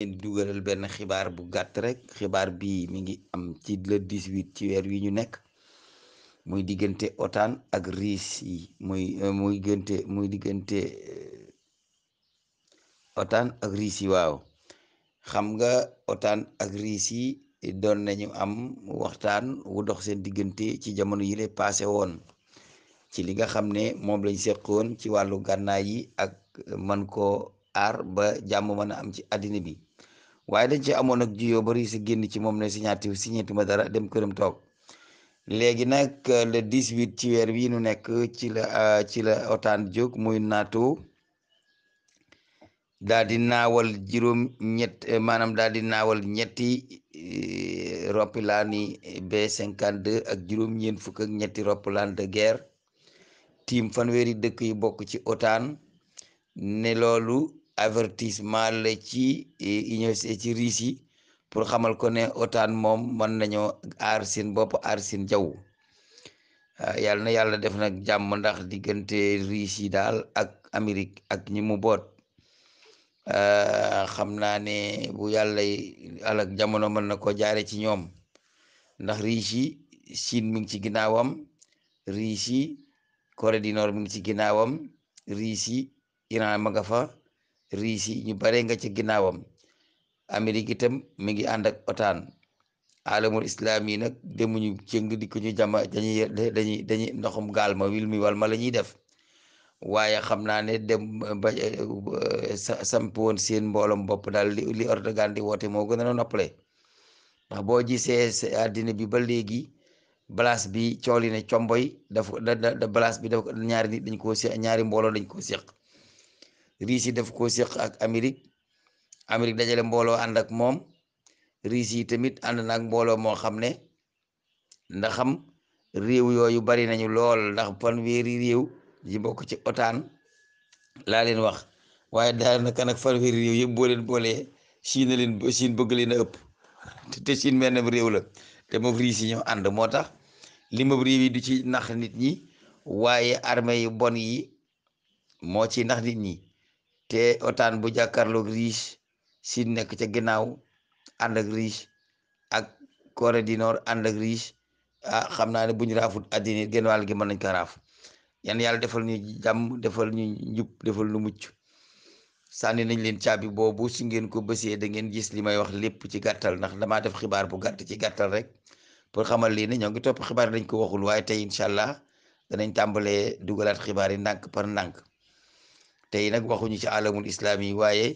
leen dugalal benn xibaar bu gàtt rek xibaar bi mi ngi am ci le 18 ci weer wi ñu nekk muy diggante OTAN ak Russie yi muy euh, muy diggante muy diggante euh, OTAN ak waaw xam nga OTAN ak Russie yi doon nañu am waxtaan wu dox seen diggante ci jamono yile passé woon ci li nga xam ne moom lañ seqoon ci wàllu gànnaay yi ak man ko aar ba jàmm mën a am ci àddina bi waaye dañ ci amoon ak juyoo bari si génn ci moom na ne si signéti ma dara dem këram toog léegi nag euh, le 18 ci weer wii nu nekk ci la euh, ci la otaan jóg muy naato daal naawal juróom ñett euh, maanaam daal di naawal ñetti ropilaani B52 ak juróom ñeent fukk ak ñetti ropilaan de guerre tiim fanweeri dëkk yi bokk ci otaan ne loolu avertissement la ci e, université ci riis yi pour xamal ko ne otaan moom mën nañoo aar seen bopp aar seen jaw ah, yàlla na yàlla def nag jàmm ndax diggante riis daal ak Amérique ak ñi mu boot ah, xam naa ne bu yàlla alak jamono mën na ko jaare ci ñoom ndax riis yi Chine mi ngi ci ginnaawam riis yi Corée du Nord ngi ci ginnaawam riis yi Iran ma nga fa Russie ñu bare nga ca ginnaawam Amérique itam mi ngi ànd ak OTAN alamul islam yi nag demuñu cëng di ko ñu jama dañuy ndoxum gaal ma wil mi wal ma la ñuy def waaye xam naa ne dem ba eh, samp woon seen mbooloom bopp daal li li Erdogan di woote moo gën a noppale ndax boo gisee àddina bi ba léegi balaas bi cooli ne comboy daf da da balaas bi daf ñaari nit dañ ko seq ñaari mbooloo dañ ko seq riis yi daf ko séq ak Amérique Amérique dajale mbooloo ànd ak moom riis yi tamit ànd na ak mbooloo moo xam ne ndaxam réew yooyu bari nañu lool ndax fanweeri réew yi bokk ci otaan laa leen wax waaye daanaka nag fanweeri yëpp boo leen boolee leen Chine bëgg leen a ëpp te Chine mel na réew la te moom riis yi ñoo ànd moo tax li ma réew yi ci nax nit ñi waaye armée yu bon yi moo ci nax nit ñi. te otaan bu jàkkaarloog riche siin nekk ca ginnaaw ànd ak riche ak Corée du ànd ak riche ah xam naa ne bu ñu raafut addina genn wàll gi mën nañ ko raaf yan yàlla defal ñu jàmm defal ñu njub defal lu mucc sànni nañ leen caabi boobu si ngeen ko bësee da ngeen gis li may wax lépp ci gàttal ndax damaa def xibaar bu gàtt ci gàttal rek pour xamal lii ne ñoo ngi topp xibaar dañ ko waxul waaye tey incha allah danañ tàmbalee dugalaat xibaar yi ndànk par ndànk. tey nag waxuñu ci alamul islaam yi waaye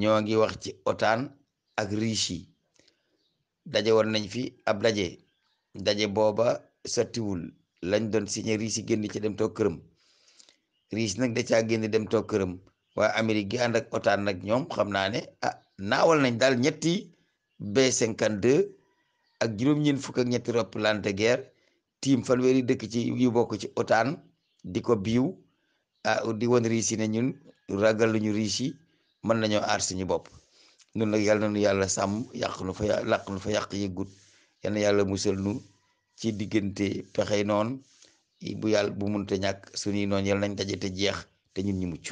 ñoo ngi wax ci otaan ak riche yi daje woon nañ fi ab daje daje booba sottiwul lañ doon signé riche yi génn ci dem toog këram riche nag da caa dem toog këram waa Amérique gi ak otaan nag ñoom xam naa ne ah naawal nañ daal ñetti B52 ak juróom-ñeent fukk ak ñetti roppalaan de guerre tiim fanweeri dëkk ci yu bokk ci otaan di ko biiw ah di won riis yi ne ñun ragal lu ñu riis yi mën nañoo aar suñu bopp nun nag yàlla nañu yàlla sàmm yàq nu fa làq nu fa yàq yëggut yal na yàlla musal nu ci diggante pexey noonu bu yàlla bu munte ñàkk suñuy noon yal nañ daje te jeex te ñun ñu mucc